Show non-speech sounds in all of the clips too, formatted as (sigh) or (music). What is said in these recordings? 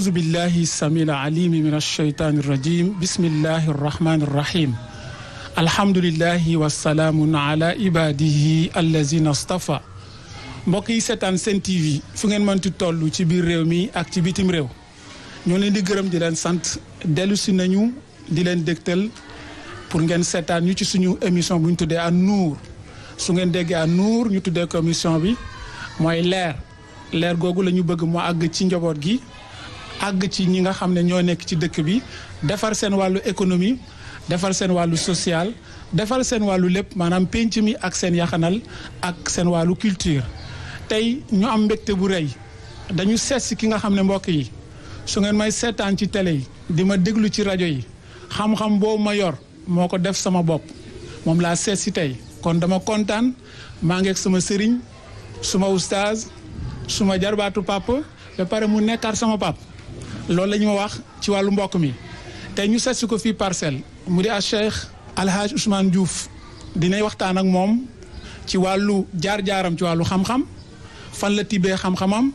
أعوذ بالله السميع العليم من الشيطان الرجيم بسم الله الرحمن الرحيم الحمد لله والسلام على عباده الذين اصطفى mbokk yi seetaan seen TV fu ngeen mënti toll ci biir réew mi ak ci bitim réew ñoo leen di gërëm di leen sant dellu si nañu di leen dégtal pour ngeen seetaan ñu ci suñu émission bu ñu tuddee à nuur su ngeen déggee à nuur ñu tuddee commission bi mooy leer leer googu la ñu bëgg moo àgg ci njaboot gi àgg ci ñi nga xam ne ñoo nekk ci dëkk bi defar seen wàllu économie defar seen wàllu social defar seen wàllu lépp maanaam pénc mi ak seen yaxanal ak seen wàllu culture tey ñu am mbégte bu rey dañu sees ki nga xam ne mbokk yi su ngeen may seetaan ci télé yi di ma déglu ci rajo yi xam-xam boobu ma yor moo ko def sama bopp moom laa sees si tey kon dama kontaan maa ngi ak sama sëriñ suma oustaz suma jarbaatu papa ba pare mu nekkaat sama papa loolu lañu ma wax ci wàllu mbokk mi tey ñu seetsi ko fii parcelle mu di a Cheikh Alhaaj Ousmane Diouf dinay waxtaan ak moom ci wàllu jaar-jaaram ci wàllu xam-xam fan la tibbee xam-xamam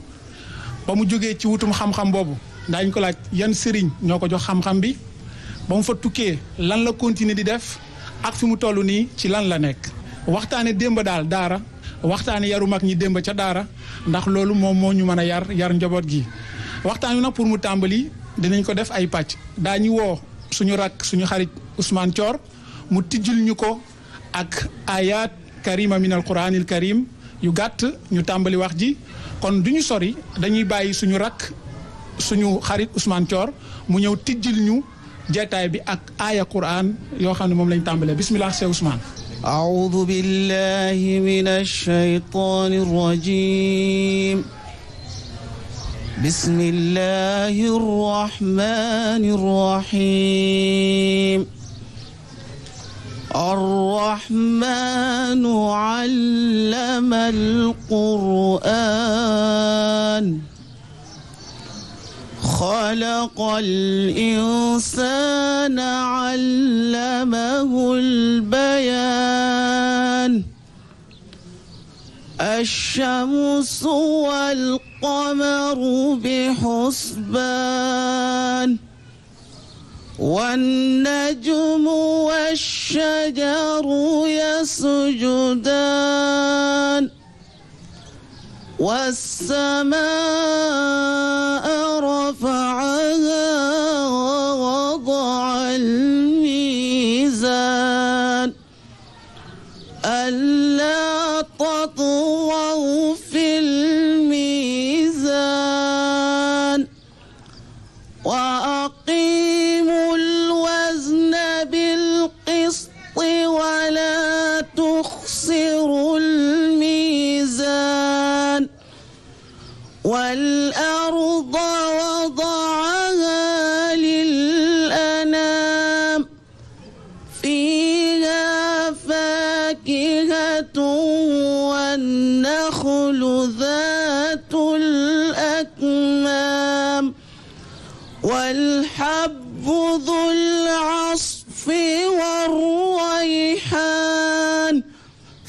mu jógee ci wutum xam boobu daañu ko laaj yan sëriñ ñoo ko jox xam bi ba mu fa tukkee lan la continuer di def ak fi mu toll nii ci lan la nekk waxtaane démb daal daara waxtaane yaru mag ñi démb ca daara ndax loolu moom moo ñu mën a yar yar njaboot gi waxtaan wi nag pour mu tàmbali dinañ ko def ay pàcc daañu woo suñu rakk suñu xarit Ousmane Thior mu tijjil ñu ko ak ayat karima min al quranil karim yu gàtt ñu tàmbali wax ji kon du ñu sori dañuy bàyyi suñu rakk suñu xarit Ousmane Thior mu ñëw tijjil ñu jeetaay bi ak aaya quran yoo xam ne moom lañ tàmbalee bismillah Cheikh Ousmane أعوذ بالله من الشيطان الرجيم بسم الله الرحمن الرحيم الرحمن علم القرآن خلق الإنسان علمه البيان الشمس والقمر بحسبان والنجم والشجر يسجدان والسماء رفعان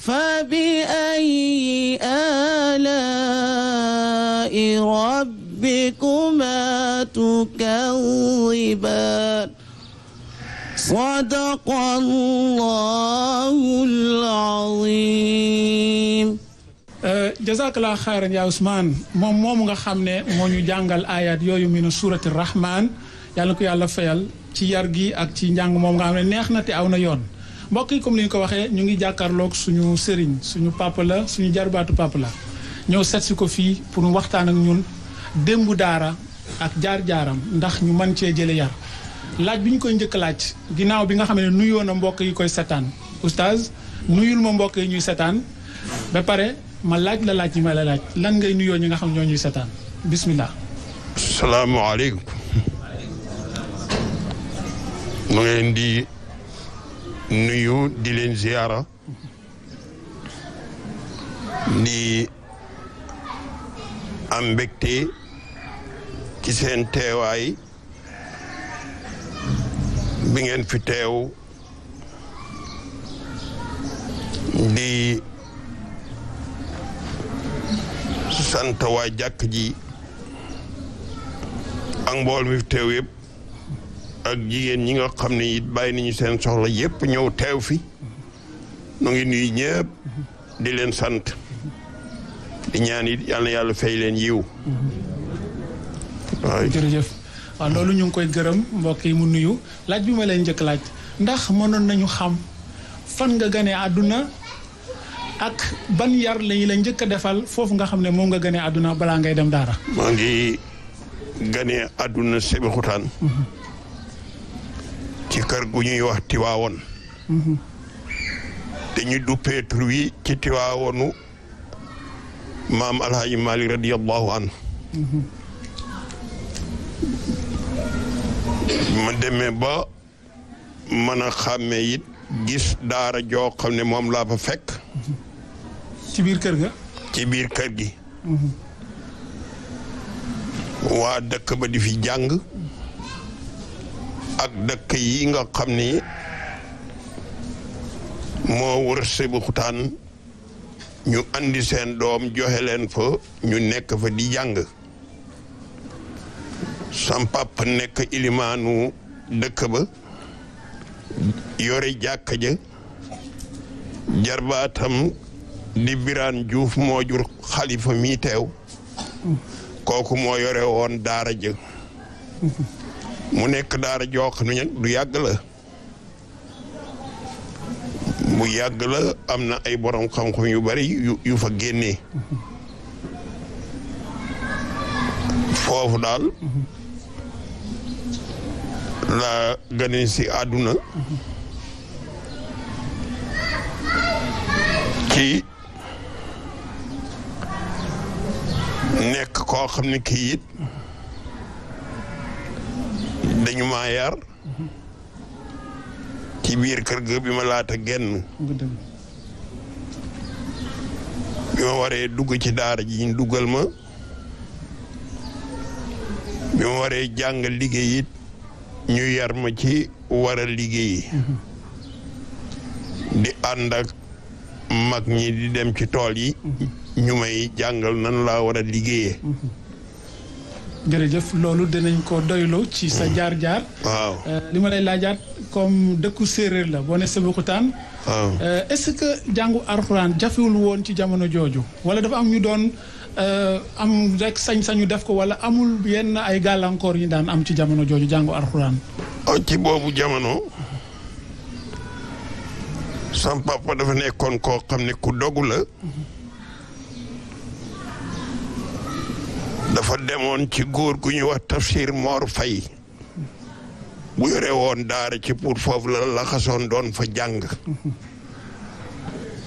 فبأي آلاء ربكما تكذبان صدق الله العظيم э, jazakallah xayran yaa Ousmane moom moomu nga xam ne moo ñu jàngal ayat yooyu minu suurati rahmaan yàlla ko yàlla fayal ci yar gi ak ci njàng moom nga xam ne neex na te aw na yoon mbokk yi comme ni ñu ko waxee ñu ngi jàkkaarloog suñu sëriñ suñu papa la suñu jarbaatu papa la ñëw seet si ko fii pour mu waxtaan ak ñun démb daara ak jaar-jaaram ndax ñu man cee jële yar laaj bi ñu koy njëkk laaj ginnaaw bi nga xam ne nuyoo mbokk yi koy setaan oustaz nuyul ma mbokk yi ñuy setaan ba pare ma laaj la laaj yi ma la laaj lan ngay nuyoo ñi nga xam ñoo ñuy setaan bismillah salaamu aleykum (laughs) mu ngeen nuyu di leen ziyaara di am mbégte ci seen teewaay bi ngeen fi teew di sant waa jàkk ji ak mbool mi fi teew yëpp ak jigéen ñi nga xam ne bàyyi nañu seen soxla yépp ñëw teew fi nu ngi nuyu ñépp di leen sant di ñaan yi yal yàlla fay leen yiw jërëjëf waaw loolu ñu ngi koy gërëm mbokk yi mu nuyu laaj bi ma leen njëkk laaj ndax mënoon nañu xam fan nga gane àdduna ak ban yar lañu la njëkk a defal foofu nga xam ne moom nga gane àdduna balaa ngay dem daara maa ngi gane àdduna Sébikotane mm-hmm. ci kër gu ñuy wax Tiwaawoon dañu duppee tur wi ci Tiwaawoonu maam Alhaaji Maalik radiyallahu anhu ma demee ba mën a xàmmee gis daara joo xam ne moom laa fa fekk ci biir kër ci biir kër gi waa dëkk ba di fi jàng ak dëkk yi nga xam ni moo wër Sébikotane ñu andi seen doom joxeleen leen fa ñu nekk fa di jàng sam nekk ilimaanu dëkk ba yore jàkka ja jarbaatam di Biraan Juuf moo xalifa mi teew kooku moo yore woon daara ja mu nekk daar joo xam ne du yàgg la mu yàgg la am na ay borom xam-xam yu bari yu yu fa génnee foofu daal la gane si àdduna ki nekk koo xam ne kii it dañu maa yar ci biir kër ga bi ma laata genn bi ma waree dugg ci daara ji ñu duggal ma bi ma waree jàng liggéey ñu yar ma ci war a liggéeyi di ànd ak mag ñi di dem ci tool yi mm-hmm. ñu may jàngal nan laa war a liggéeyee mm-hmm. jërëjëf loolu dinañ ko doyloo ci sa mm. jaar-jaar. waaw euh, li ma lay laajaat kom dëkku séeréer la boo ne Sébikotane. waaw euh, est-ce que jàngu arxuraan jafewul woon ci jamono jooju. wala dafa am ñu doon euh, am rek sañ-sañu def ko wala amul yenn ay gàllankoor yi daan am ci jamono jooju jàngu arxuraan. ci boobu jamono. sam papa dafa nekkoon koo xam ne ku dogu la. Mm-hmm. dafa demoon ci góor gu ñu wax tafsir Mor Fay bu rewoon daar ci pour foofu la laxasoon doon fa jàng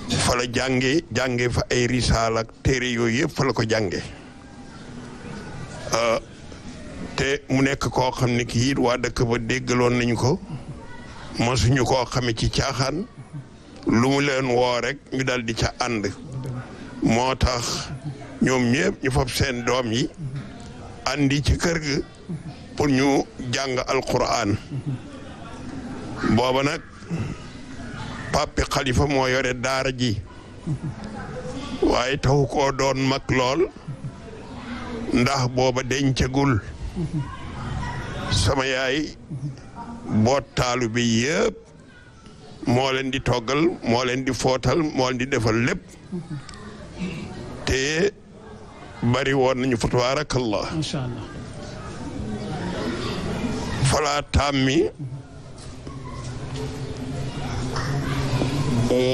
fala la jànge jànge fa ay risaal ak téere yooyu yëpp fa la ko jànge euh, te mu nekk koo xam ne kii it waa dëkk ba déggaloon nañu ko masuñu koo xame ci caaxaan lu mu leen woo rekk ñu dal di ca ànd moo tax ñoom ñëpp ñu fab seen doom yi andi ci kër gi pour ñu jàng alquran booba nag papi xalifa moo yore daara ji waaye taxu ko doon mag lool ndax booba dencagul sama yaay boot taalu bi yëpp moo leen di toggal moo leen di footal moo leen di defal lépp te bari woon nañu fa tabaarakallah insha allah falaa tàmmi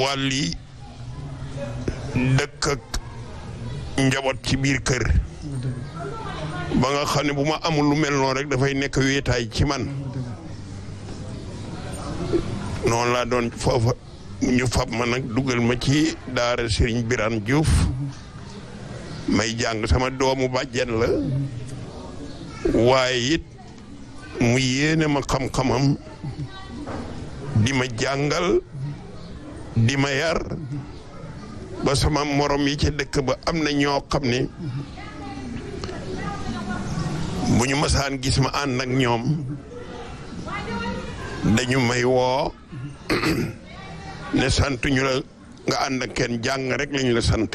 wàlli dëkk ak njaboot ci biir kër ba nga xam ne bu ma amul lu mel noonu rek dafay nekk wéetaay ci man noonu laa doon foofa ñu fab ma nag dugal ma ci daara Serigne Birane Diouf may jàng sama doomu bàjjen la waaye it mu yéene ma xam-xamam di ma jàngal di ma yar ba sama moroom yi ca dëkk ba am na ñoo xam ni bu ñu masaan gis ma ànd ak ñoom dañu may woo (clears throat) ne sant ñu la nga ànd ak kenn jàng rek lañu la sant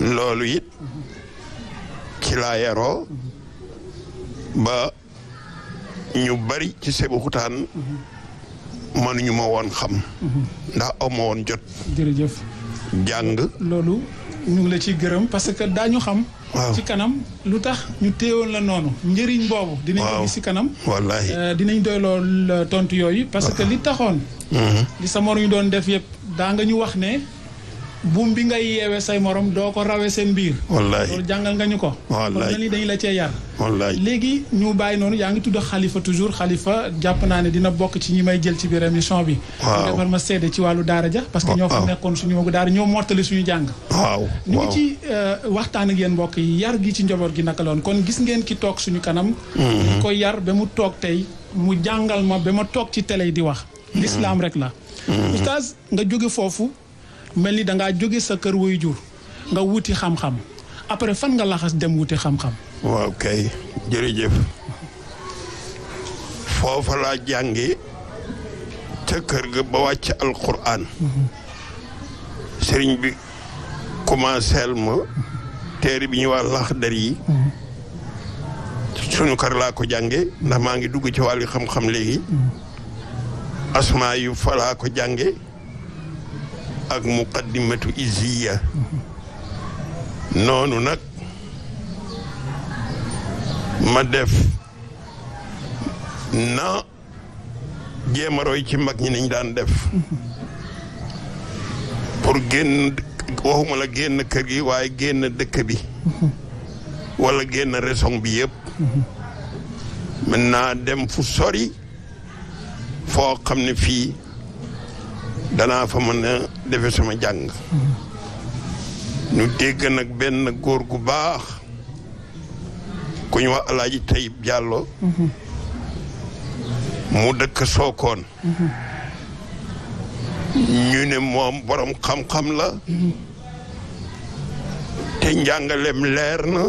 loolu it ci laa yaroo ba ñu bari ci Sébikotane mënuñu ma woon xam ndax aw ma jot jërëjëf jàng loolu ñu ngi la ciy gërëm parce que daañu xam waaw ci kanam lu tax ñu téewoon la noonu njëriñ boobu dina ko gis ci kanam wallaahi euh, dinañ doy tontu yooyu parce que li taxoon mm-hmm. li sa ñu doon def yëpp daa ñu wax ne buum bi ngay yeewee say morom doo ko rawee seen biir. wallaahi jàngal nga ñu ko. wallaahi lii dañu la cee yar. wallaahi léegi ñu bàyyi noonu yaa ngi tudd xalifa toujours xalifa jàpp naa ne dina bokk ci ñi may jël ci biir émission bi. waaw defar ma seede ci wàllu daara ja. parce que ñoo fa nekkoon suñu magu daara ñoo mortali suñu jàng. waaw ñu ngi ci euh, waxtaan a ngeen mbokk yi yar gi ci njaboot gi naka loon kon gis ngeen ki toog suñu kanam. ñu mm-hmm. koy yar ba mu toog tey mu jàngal ma ba ma toog ci télé yi di wax. Mm-hmm. l'islam rek la. Mm-hmm. nga jóge foofu mel ni danga jóge sa kër wuy jur nga wuti xam-xam après fan nga laxas dem wuti xam-xam waaw kay jërëjëf foofa laa jànge ca kër ga ba wàcc alquran sëriñ bi commenceel ma téere bi ñu wax laxdar yi suñu kër laa ko jànge ndax maa ngi dugg ci wàll xam-xam léegi asmaa yu fa laa ko jànge ak muqaddimatu iziya noonu nag ma def na jéem ci mag ñi niñ daan def pour génn waxuma la génn kër gi waaye génn dëkk bi wala génn raison bi yépp mën naa dem fu sori foo xam ne fii danaa fa mën a defe sama jàng ñu dégg nag benn góor gu baax ku ñu wax alaaji Tayib Jàllo mu dëkk Sookoon ñu ne moom borom xam-xam la te njàngalem leer na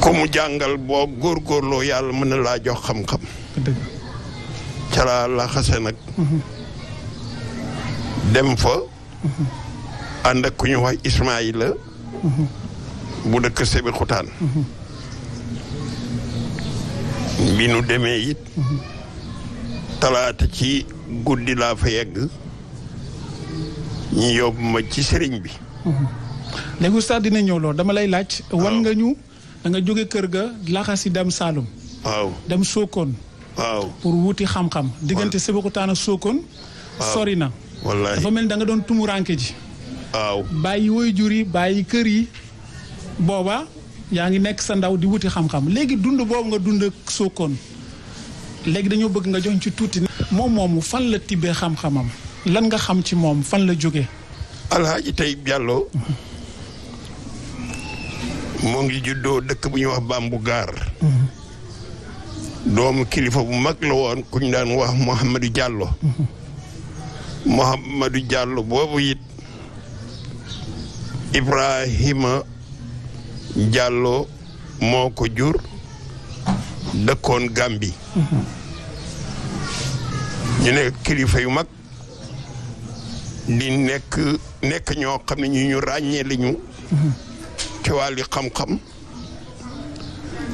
ku mu jàngal boo góor góorloo yàlla mën na laa jox xam-xam ca laa laxase nag dem fa ànd ak ku ñu wax Ismaïla bu dëkk Sébi Xutaan bi nu demee it talaata ci guddi laa fa yegg ñu yóbbu ma ci sëriñ bi léegi oustaz dina ñëw lool dama lay laaj wan nga ñu da jóge kër ga laxasi dem Saalum waaw dem Sokone waaw pour wuti xam-xam. diggante Sébikotane ak Sokone. sori na. wallaay dafa mel ni da nga doon tumuranke ji. waaw bàyyi woy jur yi bàyyi kër yi. booba yaa ngi nekk sa ndaw di wuti xam-xam léegi dund boobu nga dund ak Sokone léegi dañoo bëgg nga jox ci tuuti. moom moomu fan la tibbee xam-xamam lan nga xam ci moom fan la jóge alxaaji Tayib Diallo mm-hmm. moo ngi juddoo dëkk bu ñuy wax baam bu gaar mm-hmm. doomu kilifa bu mag la woon ku ñu daan wax Mouhamadou Diallo. Mouhamadou Diallo boobu it Ibrahima Diallo moo ko jur dëkkoon Gàmbi ñu ne kilifa yu mag di nekk nekk ñoo xam ne ñu ñu ràññee lañu ci wàlli xam-xam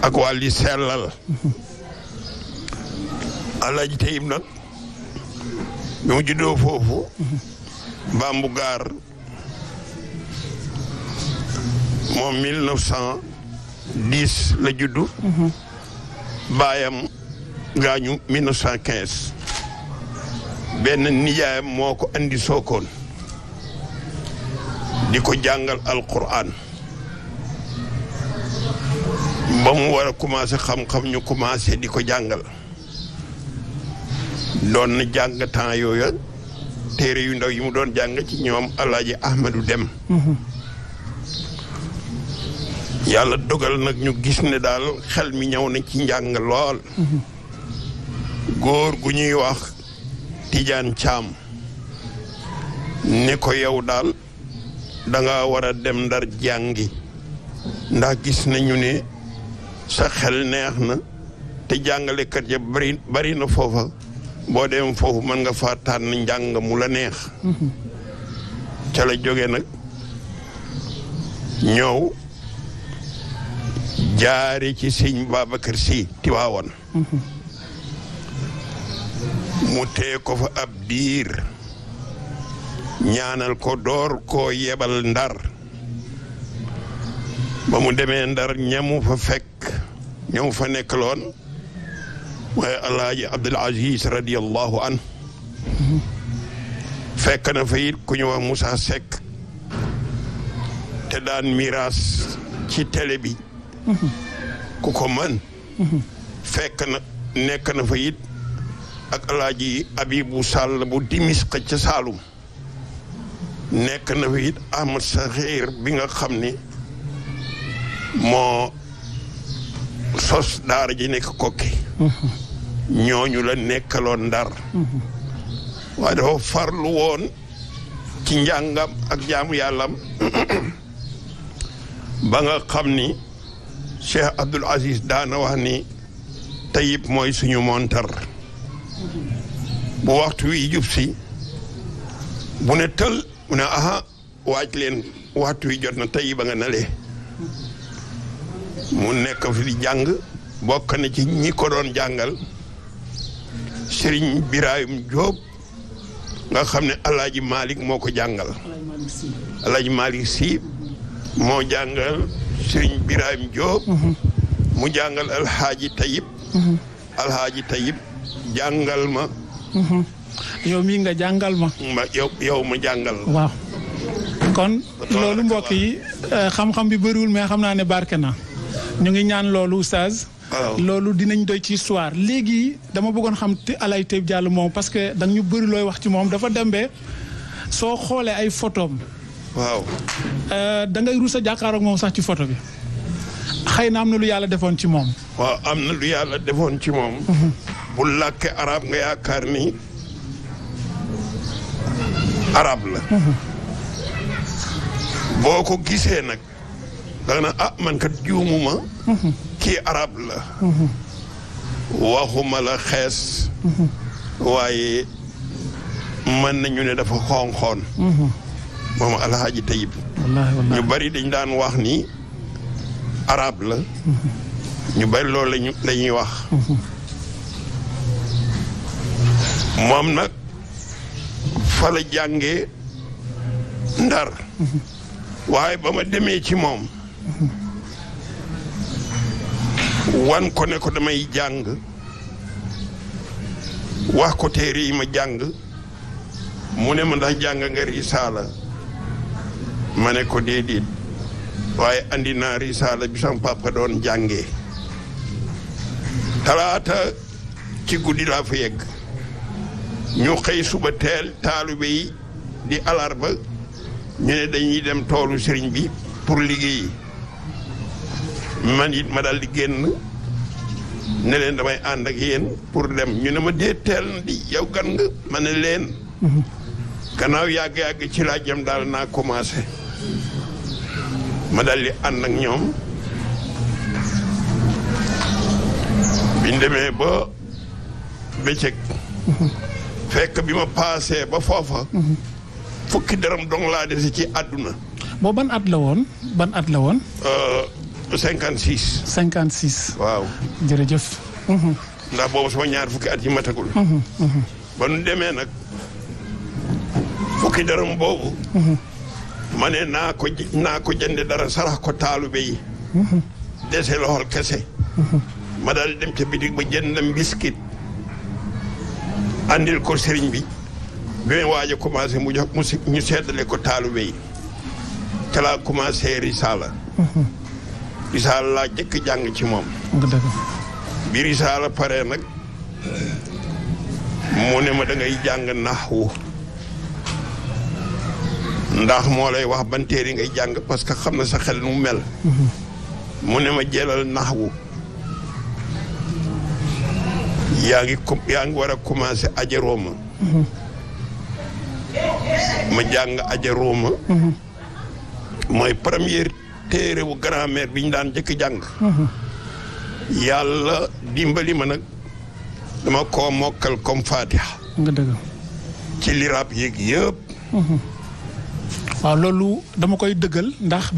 ak wàlli sellal alaaji tayib nag bi mu juddoo foofu bambu gaar moom mille neuf la juddu mhm. baayam gaañu quinze benn nijaayam moo ko andi sookoon di ko jàngal alquran ba mu war a commencé xam-xam ñu commencé di ko jàngal doon na jàng temps yooya téere yu ndaw yi mu doon jàng ci ñoom alaaji ahmadu dem mhm. yàlla dogal nag ñu gis ne daal xel mi ñëw na ci njàng lool mhm. góor gu ñuy wax Tijaan Caam ne ko yow daal danga war a dem ndar jàngi ndax gis nañu ne sa xel neex na te jàngale ya bari na foofa boo dem foofu mën nga fa tànn njàng mu la neex mhm. ca la jóge nag ñëw jaari ci sëñ Babacar si Tiwaawan mhm. mu tee ko fa ab diir ñaanal ko door koo yebal ndar ba mu demee ndar ñamu fa fekk ñamu fa nekk loon mooy laaj Abdul Aziz radiyallahu an fekk na fa it ku ñu wax Moussa Seck te daan miraas ci télé bi ku ko mën fekk na nekk na fa it ak alaaji Abibu Sall bu dimis ka ca Saalum nekk na fa it Ahmad Saxiir bi nga xam ni moo sos daara ji nekk kokki ñooñu la nekkaloon ndar waaye dafa farlu woon ci njàngam ak jaamu yàllam (clears throat) ba nga xam ni Cheikh Abdul Aziz daana wax ni Taïb mooy suñu montar bu waxtu wi jub si bu ne tël mu ne aha waaj leen waxtu wi jot na Taïb ba nga nale mu nekk fi di jàng bokk na ci ñi ko doon jàngal Serigne Birahim Diop nga xam ne El Hadj moo ko jàngal. El Hadj Malick Sy moo jàngal Serigne Birahim Diop. mu jàngal El Hadj Tayib. El Tayib jàngal ma. yow mii nga jàngal ma. yow yow ma jàngal. kon. loolu mbokk yi eh, xam-xam bi bëriwul mais xam naa ne barke na ñu ngi ñaan loolu oustaz. Oh. loolu dinañ doy ci histoire léegi dama bëggoon xam te Alaye Tëb Diallo moom parce que da ñu bëri looy wax ci moom dafa dembe soo xoolee ay photom waaw euh, da ngay ruus a jàkkaaroog moom sax ci photo bi xëy na am na lu yàlla defoon ci moom. waaw am na lu yàlla defoon ci moom. Mhm. bu làkkee arab nga yaakaar ni arab la. Mhm. boo ko gisee nag da nga ah man kat juumuma. Mhm. ci arab la waxuma la xees waaye mën nañu ne dafa xonxoon moom alxaaji tayib ñu bari dañ daan wax ni arab la ñu bari loolu lañuy wax moom nag fa la jànge ndar waaye ba ma demee ci moom wan ko ne ko damay jàng wax ko téere yi ma jàng mu ne ma ndax jàng nga risaala ma ne ko déedéet waaye andi naa risaala bi papa doon jànge talaata ci guddi laa yegg ñu xëy suba teel taalibe yi di alarba ñu ne dañuy dem toolu sëriñ bi pour liggéey man it ma dal di génn ne leen damay ànd ak yéen pour dem ñu ne ma dee teel na di yow gan nga ma ne leen gannaaw yàgg-yàgg ci laa jëm daal naa commencé ma daal di ànd ak ñoom biñ demee ba bëccëg fekk bi ma paasee ba foofa fukki dërëm dong laa dese ci àdduna boo ban at la at la woon euh, 56. 56. waaw jërëjëf. ndax boobu sama ñaar fukki at yi matagul. Mhm, mhm. ba nu demee nag fukki dërëm boobu. Mhm. ma ne naa ko naa ko jënde dara sarax ko taalu yi. dese loxol kese. ma daal dem ca bitig ba jënd mbiskit andil ko sëriñ bi. bi may waaj a mu jox mu ñu seddale ko taalu yi. ca laa commencé risaala. risaala laa jëkk jàng ci moom bi risaala pare nag mu ne ma dangay ngay jàng naxwu ndax moo lay wax ban yi ngay jàng parce que xam na sa xel mu mel mm-hmm. mu ne ma jëlal naxwu yaa ngi yaa ngi war a commencé ajarooma mm-hmm. ma jàng ajarooma mm-hmm. mooy première téere wu grammaire bi ñu daan njëkk jàng yàlla dimbali ma nag dama ko mokkal comme Fatiha nga dëgg ci liraab yéeg yëpp waaw loolu dama koy dëggal ndax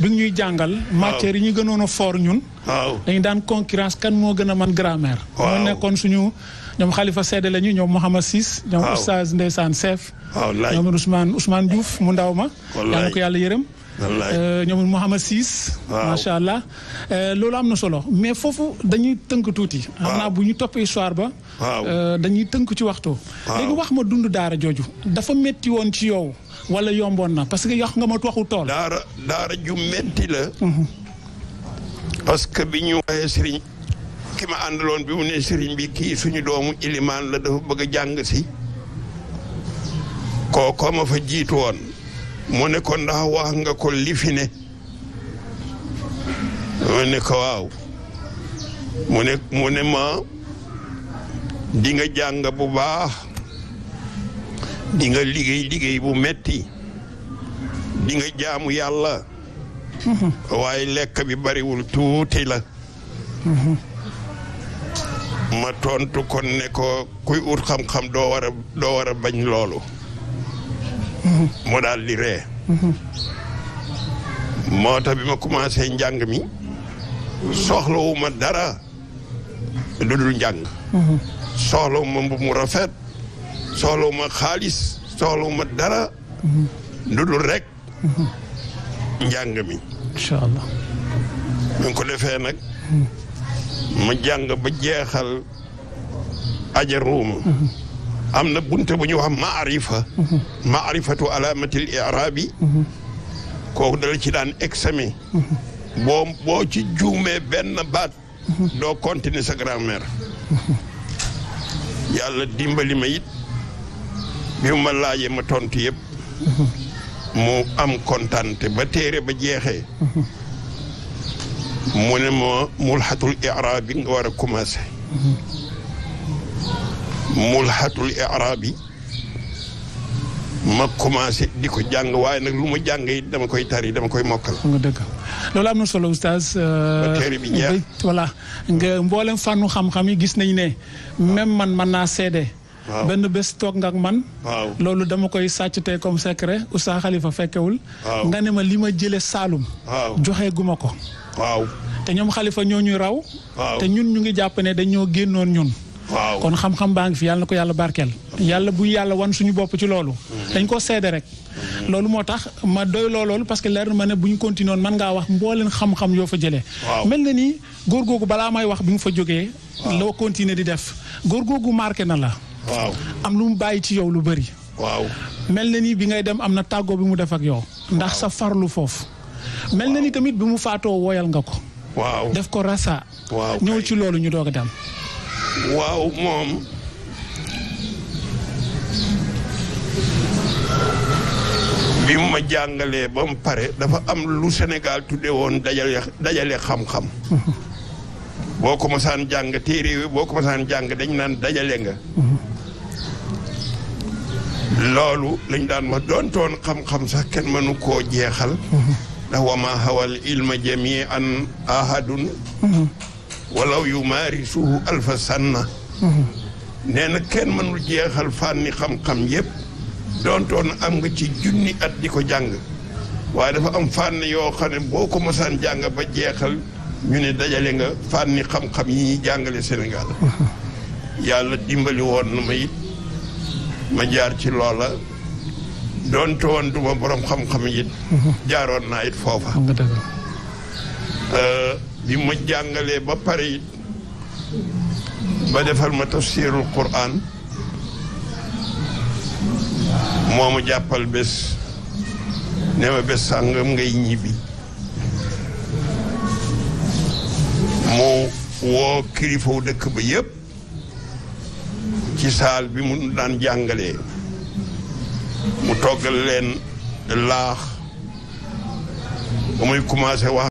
bi ñuy jàngal matière yi ñu gënoon a fort ñun waaw dañu daan concurrence kan moo gën a man grammaire moo nekkoon suñu ñoom Khalifa Sede la ñu ñoom Mouhamad Sis ñoom ñoom Ousmane Ousmane mu ndaw ma yàlla ko yàlla yërëm wallaay euh, ñoom Mouhamad Siis. waaw macha allah euh, loolu am na solo mais foofu dañuy tënk tuuti. waaw xam naa bu ñu topp histoire ba. Euh, dañuy tënk ci waxtu. waaw wax ma dund daara jooju. dafa métti woon ci yow. wala yomboon na parce que yox nga ma waxu tool. daara daara ju métti la. Mhm. parce que bi ñu waxee sëriñ ki ma àndaloon bi mu ne sëriñ bi kii suñu doomu ilimaan la dafa bëgg a jàng si. kooko ma fa jiitu woon. mu ne ko ndax wax nga ko li ne mu ne ko waaw mu ne ma di jàng bu baax dinga liggéey liggéey bu metti di nga jaamu yàlla waaye lekk bi bariwul tuuti la ma tontu kon ne ko kuy ut xam-xam doo war doo war a bañ loolu moo daal di ree moo tax bi ma commencé njàng mi soxlawu ma dara lu dul njàng soxlawu ma mbubb mu rafet soxlawu ma xaalis soxlawu ma dara lu dul rekk njàng mi incha allah ko defee nag ma jàng ba jeexal ajaruuma am na bunte bu ñuy wax maarifa maarifatu alaamatil iraabi kooku dala ci daan examen boo boo ci juumee benn baat doo continuer sa grammaire yàlla dimbali ma it mu ma laajee ma tontu yëpp mu am kontante ba téere ba jeexee mu ne ma mulxatul iraabi nga war a commencé mulhatul i'rab yi ma commencé di ko jàng waaye nag lu ma jàng yi dama koy tari dama koy mokkal. nga loolu am na solo oustaz. bi euh, jeex voilà nga mboolem fànnu xam-xam yi gis nañ ne. même man man naa seede. benn bés toog nga ak man. loolu dama koy sàcc tey comme secret oustaz xalifa fekkewul. waaw nga ne ma li ma jëlee Saalum. waaw joxe gu ma ko. waaw te ñoom xalifa ñoo ñuy raw. te ñun ñu ngi jàpp ne dañoo génnoon ñun. waaw kon xam-xam baa ngi fi yàlla na ko yàlla barkeel. yàlla bu yàlla wan suñu bopp ci loolu. dañ ko seede rek. loolu moo tax ma doy loolu parce que leer na ma ne bu ñu continué woon mën ngaa wax mbooleen xam-xam yoo fa jëlee. mel na ni góor googu balaa may wax bi mu fa jógee. loo continué di def góor googu marqué na la. waaw am lu mu bàyyi ci yow lu bëri. waaw mel na ni bi ngay dem am na tàggoo bi mu def ak yow. ndax sa farlu foofu. mel na ni tamit bi mu faatoo woyal nga ko. waaw def ko rasa. ñëw ci loolu ñu doog a dem waaw moom bi ma jàngalee ba mu pare dafa am lu Sénégal tudde woon dajale xam-xam boo ko masaan jàng téere wi boo ko masaan jàng dañ naan dajale nga loolu lañ daan ma doontoon xam-xam sax kenn mënu koo jeexal uhuh. ndax wa ma hawal ilma jamian ahadun uhuh. walaw yu maarisuhu alfa sanna mhm. nee na kenn mënul jeexal fànni xam-xam yépp doontoon am nga ci junni at di ko jàng waaye dafa am fànn yoo xam ne boo ko mosaan jàng ba jeexal ñu ne dajale nga fànni xam-xam yi ñuy jàngale Sénégal (laughs) yàlla dimbali woon na ma ma jaar ci loola doonte woon duma borom xam-xam it mhm. jaaroon naa it foofa bi ma jàngalee ba pare it ba defal ma tafsirul quran moo jàppal bés ne ma bés sàngam ngay ñibbi mu woo kilifaw dëkk ba yépp ci saal bi mu daan jàngalee mu toggal leen laax ba muy commencé wax